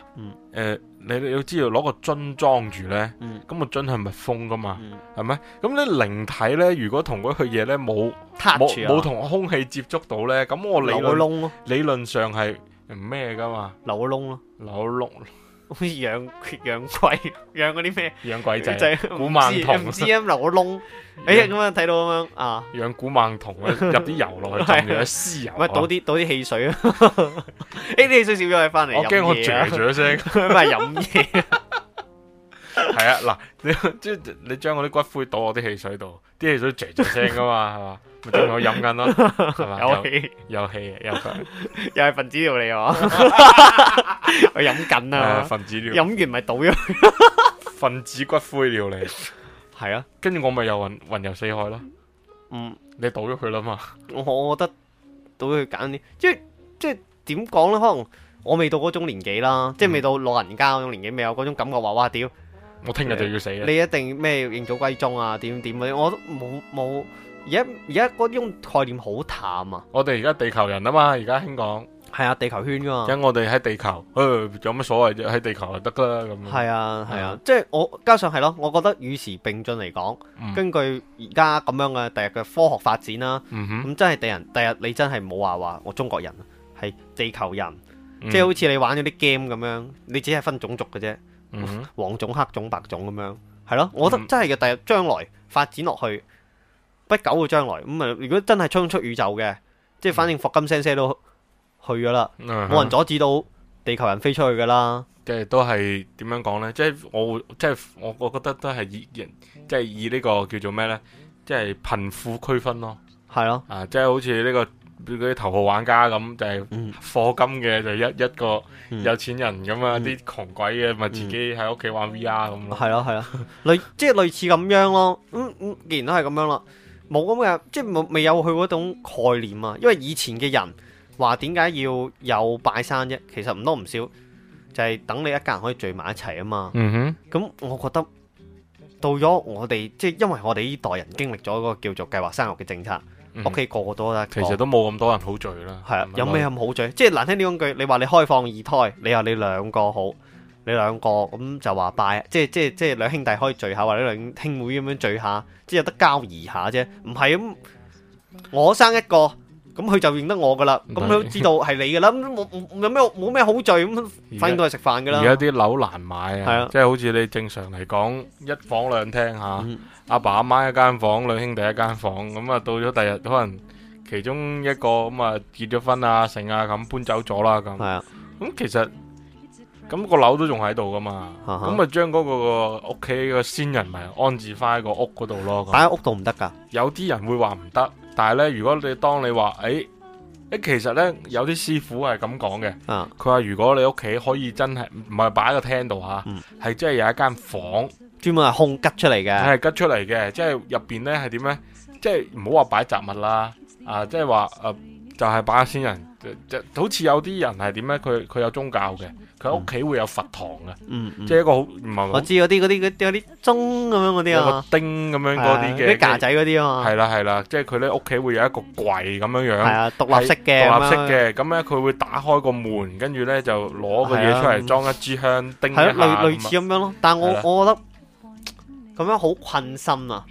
誒。你你要知道攞個樽裝住咧，咁、嗯、個樽係密封噶嘛，係咪、嗯？咁你靈體咧，如果同嗰個嘢咧冇冇冇同空氣接觸到咧，咁我理論、扭個窿啊、理論上係咩噶嘛？扭個窿咯，扭個窿啊。好似養養鬼，養嗰啲咩？養鬼仔、古曼童，唔知啊，留個窿。哎咁樣睇到咁樣啊，養古曼童啊，入啲油落去浸住啲屍油，喂，倒啲倒啲汽水啊！呢啲汽水少咗佢翻嚟，我驚我嚼咗聲，咪飲嘢。係啊，嗱，你即係你將嗰啲骨灰倒我啲汽水度，啲汽水嚼嚼聲噶嘛，係嘛，咪當我飲緊咯，有氣，有氣啊，又係又係分子料理啊，我飲緊啊，分子料，飲完咪倒咗，分子骨灰料理，係啊，跟住我咪又雲雲遊四海咯，嗯，你倒咗佢啦嘛，我我覺得倒佢揀啲，即係即係點講咧，可能我未到嗰種年紀啦，即係未到老人家嗰種年紀，未有嗰種感覺話，哇屌！我聽日就要死啦！你一定咩認祖歸宗啊？點點？我都冇冇而家而家嗰種概念好淡啊！我哋而家地球人啊嘛，而家興講係啊，地球圈噶嘛，因為我哋喺地球，欸、有乜所謂啫？喺地球就得啦咁。係啊係啊，即係我加上係咯、啊，我覺得與時並進嚟講，嗯、根據而家咁樣嘅第日嘅科學發展啦、啊，咁、嗯、哼真係地人，第日你真係冇話話我中國人係地球人，嗯、哼即係好似你玩咗啲 game 咁樣，你只係分種族嘅啫。嗯、黃種、黑種、白種咁樣，係咯？我覺得真係嘅，第日將來發展落去，不久嘅將來咁啊！如果真係衝出宇宙嘅，即係、嗯、哼反正霍金先生都去咗啦，冇、嗯、哼人阻止到地球人飛出去噶啦。即係都係點樣講呢？即係我即係我，即係、我覺得都係以即係、即係、以呢個叫做咩呢？即係貧富區分咯，係咯的啊！即、就、係、是、好似呢、呢個。俾嗰啲頭號玩家咁，就係課金嘅，就一一個有錢人咁、嗯、啊！啲窮鬼嘅咪自己喺屋企玩 VR 咁咯。係咯，係啦，類即係類似咁樣咯。咁、嗯嗯、既然都係咁樣啦，冇咁嘅，即係未有佢嗰種概念啊。因為以前嘅人話點解要有拜山啫？其實唔多唔少就係、是、等你一家人可以聚埋一齊啊嘛。咁、嗯、哼我覺得到咗我哋，即係因為我哋呢代人經歷咗一個叫做計劃生育嘅政策。屋企、嗯、個個都得，其實都冇咁多人好聚啦。係啊，有咩咁好聚？即係難聽啲講句，你話你開放二胎，你話你兩個好，你兩個咁就話拜，即係即係即係兩兄弟可以聚下，或者兩兄妹咁樣聚下，即係有得交誼下啫。唔係咁，我生一個，咁佢就認得我噶啦，咁佢都知道係你噶啦。咁冇有咩冇咩好聚咁，反正都係食飯噶啦。而家啲樓難買啊，係啊，即係好似你正常嚟講一房兩廳嚇。嗯阿爸阿媽一間房，兩兄弟一間房，咁啊到咗第日可能其中一個咁啊結咗婚啊成啊咁搬走咗啦咁，咁是、啊、其實咁、咁個樓都仲喺度噶嘛，咁咪將嗰個屋企個先人咪安置翻喺個屋嗰度咯，擺喺屋度唔得噶，有啲人會話唔得，但係咧如果你當你話，誒、欸、誒其實咧有啲師傅係咁講嘅，佢話是、啊、如果你屋企可以真係唔係擺喺個廳度吓，係、嗯、即係有一間房。專門係空吉出嚟嘅。係吉出嚟嘅、就是，即係入邊咧係點咧？即係唔好話擺雜物啦，啊，即係話誒，就係擺仙人，就，就好似有啲人係點咧？佢佢有宗教嘅，佢屋企會有佛堂嘅，即係、嗯、一個好唔係嘛？我知有啲嗰啲嗰啲嗰啲鐘咁樣嗰啲啊，個丁咁樣嗰啲嘅，架仔嗰啲啊，係啦係啦，即係佢咧屋企會有一個櫃咁樣樣，係啊，獨立式嘅，獨立式嘅、啊，咁咧佢會打開個門，跟住咧就攞個嘢出嚟裝一支香，啊、丁一下、啊、類類似咁樣咯。但係我、啊、我覺得。咁樣好困心啊！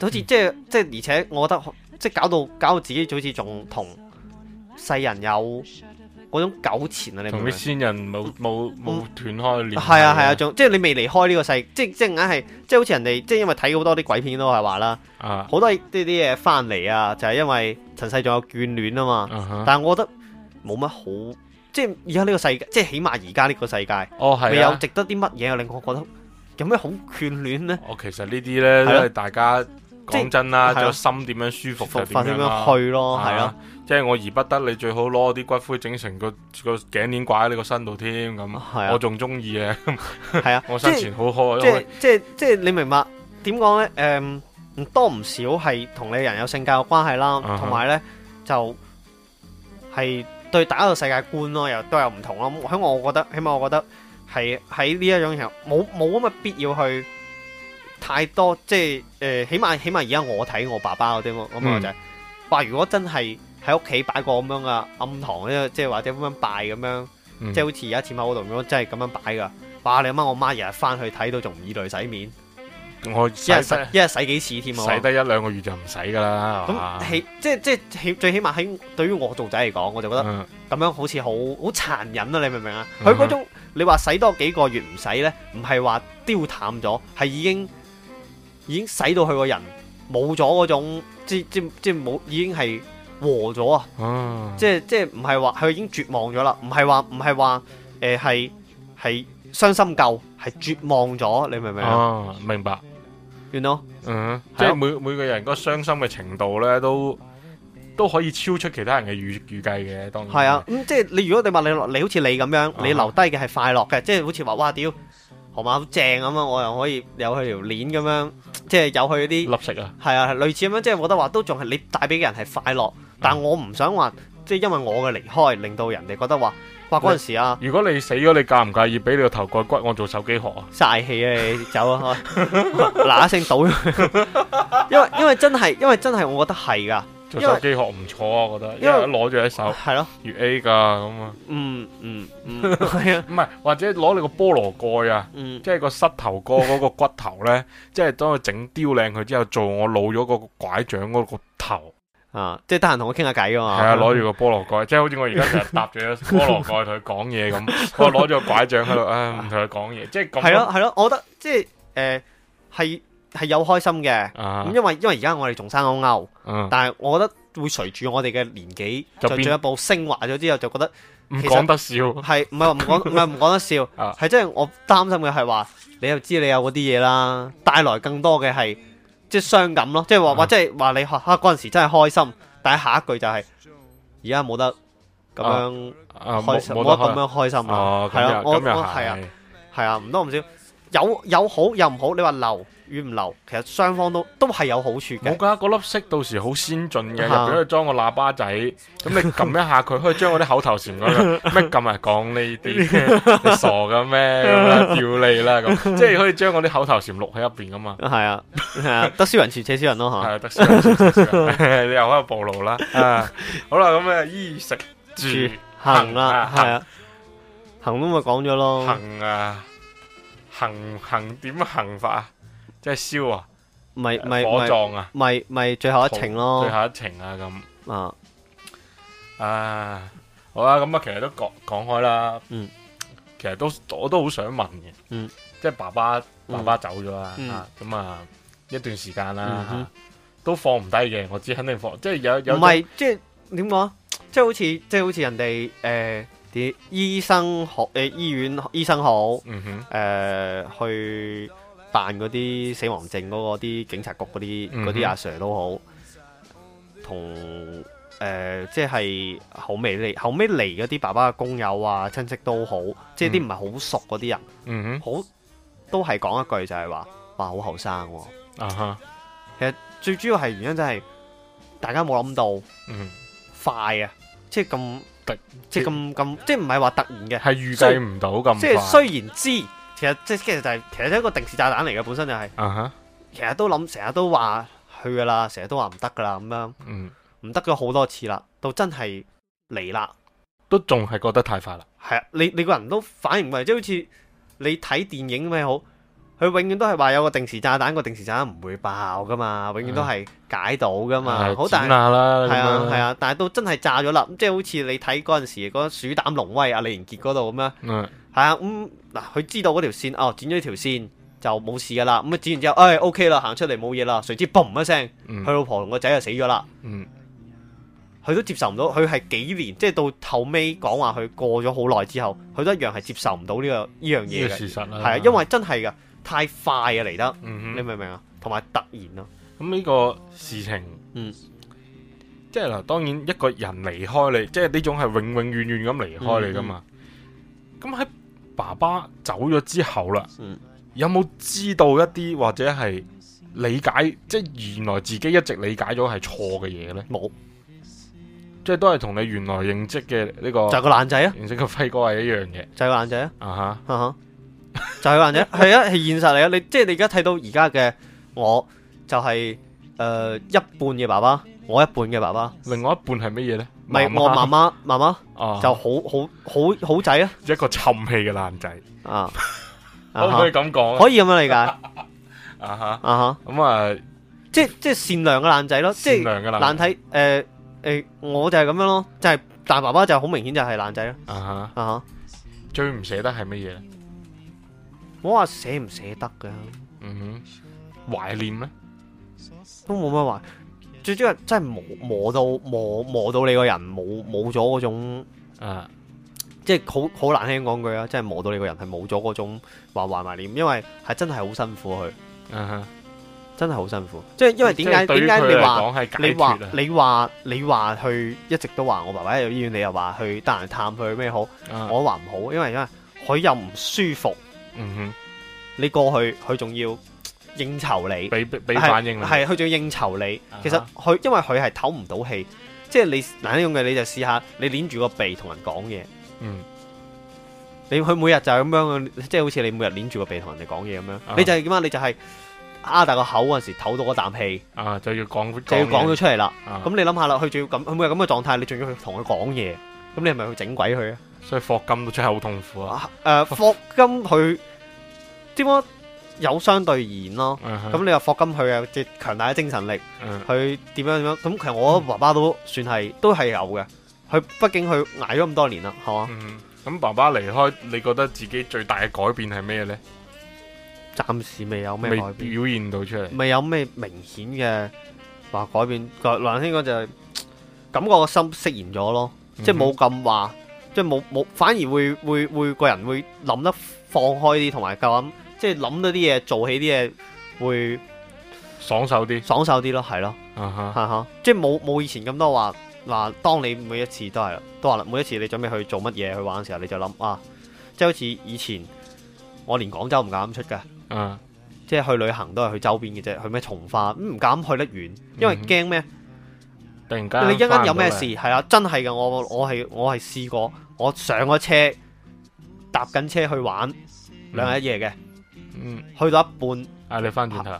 好似即係即係，嗯、而且我覺得即係搞到搞到自己，好似仲同世人有嗰種糾纏啊！你同啲先人冇冇冇斷開聯繫啊，啊？係啊係啊，仲即係你未離開呢個世，即係即係硬係，即係好似人哋即係因為睇好多啲鬼片都係話啦，好、啊、多啲啲嘢翻嚟啊，就係、是、因為塵世仲有眷戀啊嘛。嗯、哼 但係我覺得冇乜好，即係而家呢個世界，即係起碼而家呢個世界，哦係，啊、未有值得啲乜嘢令我覺得。有咩好眷戀呢？我其實呢啲呢，都係大家講真啦，即係心點樣舒服就點樣去咯，係啊，即係我而不得，你最好攞啲骨灰整成個個頸鏈掛喺你個身度添，咁我仲中意啊。係啊，我生前好好。即係即係即係，你明白點講呢？誒，唔多唔少係同你人有性格嘅關係啦，同埋呢，就係對大家嘅世界觀咯，又都有唔同啦。咁我覺得，起碼我覺得。係喺呢一種時候，冇冇咁嘅必要去太多，即係誒、呃，起碼起碼而家我睇我爸爸嗰啲咁，我就話：如果真係喺屋企擺個咁樣嘅暗堂咧，即係或者咁樣拜咁樣，嗯、即係好似而家貼喺嗰度，如果真係咁樣擺嘅，哇！你阿媽我媽日日翻去睇到，仲唔以淚洗面？我一日洗一日洗幾次添喎，洗得一兩個月就唔使噶啦，起即係即係起最起碼喺對於我做仔嚟講，我就覺得咁樣好似好好殘忍啊！你明唔明啊？佢嗰、嗯、哼 種你話洗多幾個月唔使咧，唔係話丟淡咗，係已經已經使到佢個人冇咗嗰種，即即即冇已經係和咗啊、嗯！即即唔係話佢已經絕望咗啦，唔係話唔係話誒係係傷心舊係絕望咗，你明唔明啊？明白。咯，You know? 嗯，啊、即係每每個人嗰個傷心嘅程度咧，都都可以超出其他人嘅預預計嘅。當然係啊，咁、嗯、即係你如果你話你你好似你咁樣，啊、你留低嘅係快樂嘅，即係好似話哇屌，係嘛好正咁啊，我又可以有佢條鏈咁樣，即係有佢啲粒食啊，係啊，類似咁樣，即係我覺得話都仲係你帶俾嘅人係快樂，嗯、但我唔想話即係因為我嘅離開令到人哋覺得話。話嗰陣時啊！如果你死咗，你介唔介意俾你個頭蓋骨我做手機殼啊？嘥氣啊！你走開啊！嗱一聲倒咗，因為因為真係因為真係我覺得係噶，做手機殼唔錯啊！我覺得因為攞住一手係咯，的月 A 噶咁啊！嗯嗯嗯，係啊！ 唔係或者攞你個菠蘿蓋啊，嗯、即係個膝頭哥嗰個骨頭咧， 即係當佢整雕靚佢之後，做我老咗個拐杖嗰個頭。啊！即係得閒同我傾下偈噶嘛，係啊！攞住個菠蘿蓋，即係好似我而家成日搭住個菠蘿蓋同佢講嘢咁，我攞住個拐杖喺度，唉，唔同佢講嘢，即係係咯係咯，我覺得即係誒係係有開心嘅，咁因為因為而家我哋仲生勾勾，但係我覺得會隨住我哋嘅年紀就進一步升華咗之後，就覺得唔講得笑，係唔係唔講唔係唔講得笑，係真係我擔心嘅係話，你又知你有嗰啲嘢啦，帶來更多嘅係。即係傷感咯，即係話，或、嗯、即係話你哈嗰陣時真係開心，但係下一句就係而家冇得咁樣開心，冇、啊啊、冇得咁樣開心啦，係啊，我我係啊，係啊，唔多唔少，有有好又唔好，你話留。雨唔留，其實雙方都都係有好處嘅。我覺得嗰粒色到時好先進嘅，入邊去裝個喇叭仔，咁你撳一下佢，可以將我啲口頭禪嗰啲咩撳嚟講呢啲，傻噶咩？屌你啦，咁即係可以將我啲口頭禪錄喺入邊噶嘛。係啊，得斯人處且斯人咯嚇。係啊，得斯人你又喺度暴露啦。好啦，咁嘅衣食住行啦，係啊，行都咪講咗咯。行啊，行行點行法啊？即係燒啊，咪咪火葬啊，咪咪最後一程咯，最後一程啊咁啊，啊，好啊好啦，咁啊其實都講講開啦，嗯，其實都，、嗯、其實都我都好想問嘅，嗯，即係爸爸爸爸走咗啦、啊，嗯、啊咁啊一段時間啦、啊嗯哼啊，都放唔低嘅，我知肯定放，即係有有唔係即係點講，即係好似即係好似人哋誒啲醫生好誒醫院學醫生好，嗯、呃、哼，誒去。辦嗰啲死亡證嗰啲警察局嗰啲，啲阿 Sir 都好，同誒、呃、即係後尾嚟，後尾嚟嗰啲爸爸嘅工友啊親戚都好，即係啲唔係好熟嗰啲人，好、嗯、哼都係講一句就係話，哇好後生，啊、uh huh. 其實最主要係原因就係、是、大家冇諗到，嗯、快啊，即係咁突即係咁咁即係唔係話突然嘅，係預計唔到咁，即係雖然知。其實即係其實就係、是、其實就係一個定時炸彈嚟嘅本身就係、是，uh huh. 其實都諗，成日都話去噶啦，成日都話唔得噶啦咁樣，唔、mm. 得咗好多次啦，到真係嚟啦，都仲係覺得太快啦。係啊，你你個人都反應唔嚟，即係好似你睇電影咁樣好。佢永遠都係話有個定時炸彈，個定時炸彈唔會爆噶嘛，永遠都係解到噶嘛。好，但係係啊，係啊，但係都真係炸咗啦，即係好似你睇嗰陣時嗰鼠膽龍威啊，李連杰嗰度咁樣。係啊，咁嗱的，佢、嗯、知道嗰條線哦，剪咗條線就冇事噶啦。咁、嗯、啊，剪完之後，唉、哎、OK 啦，行出嚟冇嘢啦。誰知嘣一聲，佢、嗯、老婆同個仔就死咗啦。佢、嗯、都接受唔到，佢係幾年，即係到後尾講話，佢過咗好耐之後，佢都一樣係接受唔到呢個呢樣嘢事實啦。係啊、嗯，因為真係噶。太快啊嚟得，嗯、哼你明唔明啊？同埋突然咯，咁呢個事情，即係嗱，當然一個人離開你，即係呢種係永永遠遠咁離開你噶嘛。咁喺、嗯、爸爸走咗之後啦，嗯、有冇知道一啲或者係理解，即、就、係、是、原來自己一直理解咗係錯嘅嘢呢？冇沒，即係都係同你原來認識嘅呢、這個就係個懶仔啊，認識個輝哥係一樣嘅，就係個懶仔啊，啊啊哈。Huh. Uh huh. 就係爛仔，係啊，係現實嚟啊！你即係你而家睇到而家嘅我，就係、是、誒、呃、一半嘅爸爸，我一半嘅爸爸，另外一半係乜嘢咧？咪我媽媽，媽媽、啊、就好好好好仔啊！一個沉氣嘅爛仔啊，可、啊、唔可以咁講、啊？可以咁樣理解啊吓啊吓！咁啊，嗯、啊，即係即係善良嘅爛仔咯，善良爛仔即係爛睇誒誒，我就係咁樣咯，係但爸爸就好明顯就係爛仔咯啊吓啊吓！最唔捨得係乜嘢咧？我話捨唔捨得噶、嗯，懷念咩？都冇咩話，最主要係真係磨磨到磨磨到你個人冇冇咗嗰種，誒、啊，即係好好難聽講句啊！即係磨到你個人係冇咗嗰種話懷念，因為係真係好辛苦佢，啊、真係好辛苦。即係因為點解點解你話你話你話你話去一直都話我爸爸喺醫院，你又話去得閒探佢咩好？啊、我話唔好，因為因為佢又唔舒服。嗯哼，mm hmm. 你過去佢仲要應酬你，俾俾反應，係佢仲要應酬你。Uh huh. 其實佢因為佢係唞唔到氣，即係你嗱用嘅，你就試下你捏住個鼻同人講嘢。嗯、mm，hmm. 你佢每日就係咁樣，即係好似你每日捏住個鼻同人哋講嘢咁樣，uh huh. 你就是。你就係點啊？你就係啊大個口嗰陣時唞到嗰啖氣啊，就要講就要講咗出嚟啦。咁你諗下啦，佢仲要咁，佢每日咁嘅狀態？你仲要去同佢講嘢？咁你係咪去整鬼佢啊？所以霍金都真係好痛苦啊！誒、啊呃，霍金佢。 有相對而言咯，咁、uh huh. 你話霍金佢嘅強大嘅精神力，佢點、uh huh. 樣點樣，咁其實我爸爸都算係、嗯、都係有嘅，佢畢竟佢挨咗咁多年啦，係嘛，咁爸爸離開，你覺得自己最大嘅改變係咩呢？暫時未有咩改變，表現到出嚟，未有咩明顯嘅話改變。兩兄弟就係感覺個心釋然咗咯，uh huh. 即係冇咁話，即係冇冇，反而會會會個人會諗得放開啲，同埋咁。即係諗到啲嘢，做起啲嘢會爽手啲，爽手啲咯，係咯，uh huh. 係咯，即係冇冇以前咁多話話。當你每一次都係都話，每一次你準備去做乜嘢去玩嘅時候，你就諗啊，即係好似以前我連廣州唔敢出嘅，uh huh. 即係去旅行都係去周邊嘅啫，去咩從化唔敢去得遠，因為驚咩，嗯？突然間你一陣有咩事？係啊，真係嘅，我我係我係試過，我上咗車搭緊車去玩兩日一夜嘅。去到一半，嗌、啊、你翻轉頭，誒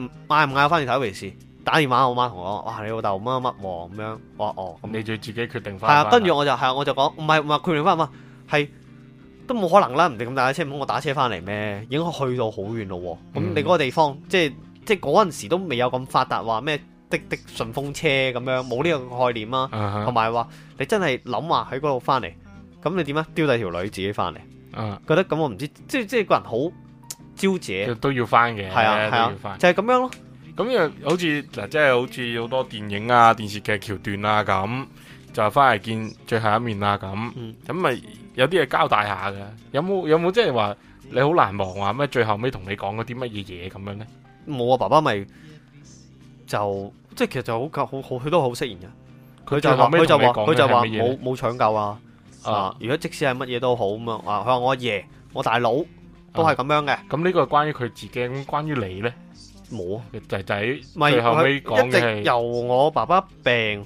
唔嗌唔嗌翻轉頭一回事。打電話我媽同我，哇你老豆乜乜咁樣，哇哦，咁你就要自己決定翻。係啊，跟住我就係、啊，我就講唔係唔係決定翻嘛，係都冇可能啦，唔定咁大架車，唔通我打車翻嚟咩？已經去到好遠咯，咁你嗰個地方，嗯、即係即係嗰陣時都未有咁發達，話咩滴滴順風車咁樣，冇呢個概念啊，同埋話你真係諗話喺嗰度翻嚟，咁你點啊？丟低條女自己翻嚟，uh huh. 覺得咁我唔知，即係即係個人好。小姐都要翻嘅，係啊，係啊，就係、是、咁樣咯。咁樣好似嗱，即、就、係、是、好似好多電影啊、電視劇橋段啊咁，就翻嚟見最後一面啦、啊、咁。咁咪、嗯、有啲嘢交代下嘅。有冇有冇即係話你好難忘啊？咩最後尾同你講嗰啲乜嘢嘢咁樣咧？冇啊，爸爸咪就，就即係其實就好，好好佢都好釋然嘅。佢就話，佢就話，佢就話冇冇搶救啊。啊，如果即使係乜嘢都好咁樣啊，佢話我阿爺，我大佬。都係咁樣嘅。咁呢、啊、個關於佢自己，咁關於你呢？冇啊，仔仔。咪後屘講一直由我爸爸病，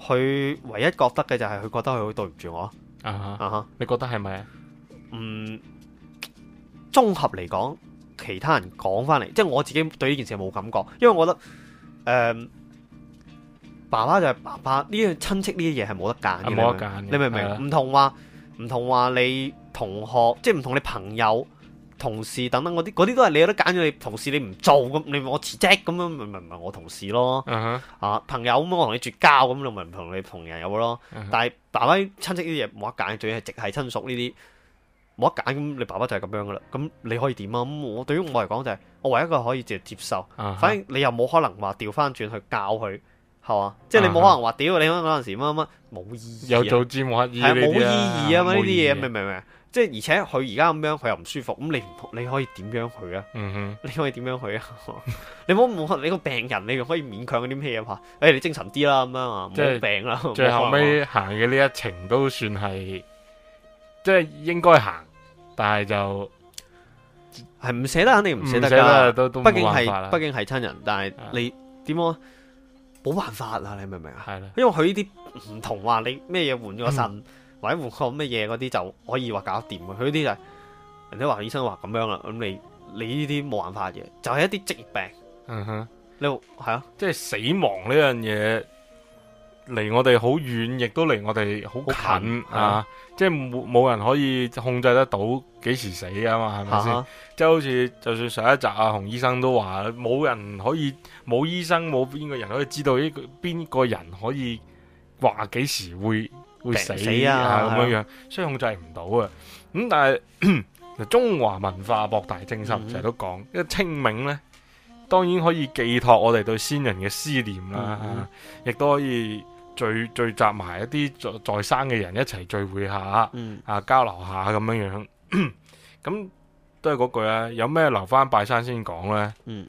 佢唯一覺得嘅就係佢覺得佢好對唔住我。你覺得係咪啊？嗯，綜合嚟講，其他人講翻嚟，即、就、係、是、我自己對呢件事冇感覺，因為我覺得誒、嗯，爸爸就係爸爸呢樣親戚呢啲嘢係冇得揀嘅，冇得揀。你明唔明？唔同話，唔同話你同學，即係唔同你朋友。同事等等，啲嗰啲都係你有得揀，你同事你唔做咁，你我辭職咁樣，咪咪咪唔係我同事咯。Uh huh. 啊朋友咁，我同你絕交咁，你咪唔同你同人有咯。Uh huh. 但係爸爸親戚呢啲嘢冇得揀，最係直系親屬呢啲冇得揀。咁你爸爸就係咁樣噶啦。咁你可以點啊？咁我對於我嚟講就係、是、我唯一一個可以接接受。Uh huh. 反正你又冇可能話調翻轉去教佢，係嘛？即、就、係、是、你冇可能話屌、uh huh. 你嗰陣時乜乜冇意義，又做尖牙，係冇意義啊嘛？呢啲嘢明唔明？即係而且佢而家咁樣佢又唔舒服咁你你可以點樣去啊？你可以點樣去啊？嗯、哼你冇可能， 你個病人你仲可以勉強啲咩啊？吓、哎，你精神啲啦咁樣啊，冇、就是、病啦。最後尾行嘅呢一程都算係，即係 應該行，但係就係唔捨得，肯定唔捨得噶。都冇辦法啦。畢竟係畢竟係親人，但係你點樣冇辦法啦，你明唔明的啊？因為佢呢啲唔同話你咩嘢換咗個腎。嗯維護個乜嘢嗰啲就可以話搞掂嘅，佢啲就係、是、人哋話醫生話咁樣啦，咁你你呢啲冇辦法嘅，就係、是、一啲職業病。嗯哼，呢係啊，即係死亡呢樣嘢，離我哋好遠，亦都離我哋好近，很近啊！啊即係冇冇人可以控制得到幾時死啊嘛，係咪先？吧即係好似就算上一集啊，洪醫生都話冇人可以，冇醫生冇邊個人可以知道呢個邊個人可以話幾時會。會死，死啊咁樣樣，所以、啊、控制唔到啊。咁但係中華文化博大精深，成日都講。因為清明呢，當然可以寄託我哋對先人嘅思念啦，亦都、嗯嗯啊、可以聚聚集埋一啲在生嘅人一齊聚會下，嗯、啊交流下咁樣樣。咁都係嗰句啦，有咩留翻拜山先講呢？嗯，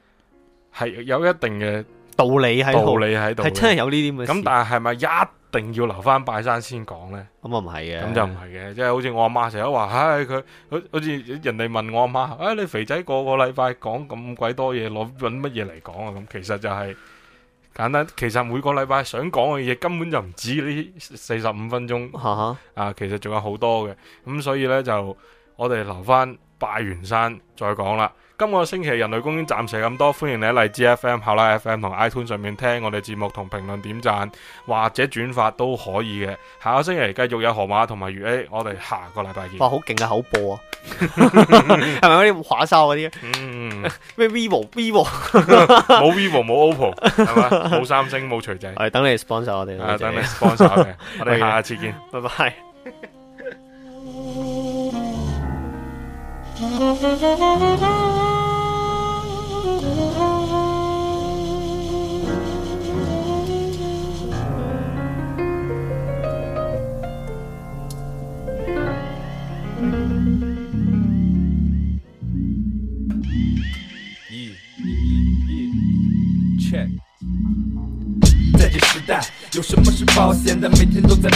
係有一定嘅道理喺度，道理喺度，係真係有呢啲咁。但係係咪一？定要留翻拜山先講呢？咁啊唔係嘅，咁就唔係嘅，即係好似我阿媽成日話，唉佢，好好似人哋問我阿媽，唉、哎、你肥仔個個禮拜講咁鬼多嘢，攞乜嘢嚟講啊？咁其實就係、是、簡單，其實每個禮拜想講嘅嘢根本就唔止呢四十五分鐘，啊其實仲有好多嘅，咁所以呢，就我哋留翻拜完山再講啦。今個星期人類公園暫時咁多，歡迎你喺荔枝 F M、考拉 F M 同 iTunes 上面聽我哋節目同評論點讚或者轉發都可以嘅。下個星期繼續有河馬同埋魚 A，我哋下個禮拜見。哇，好勁嘅口播啊！係咪嗰啲畫沙嗰啲？嗯，咩 VIVO、 VIVO，冇 VIVO，冇 OPPO，係嘛？冇三星，冇錘仔。係 等你 sponsor 我哋，係、啊、等你 sponsor 嘅。 我哋下下次見， 拜拜。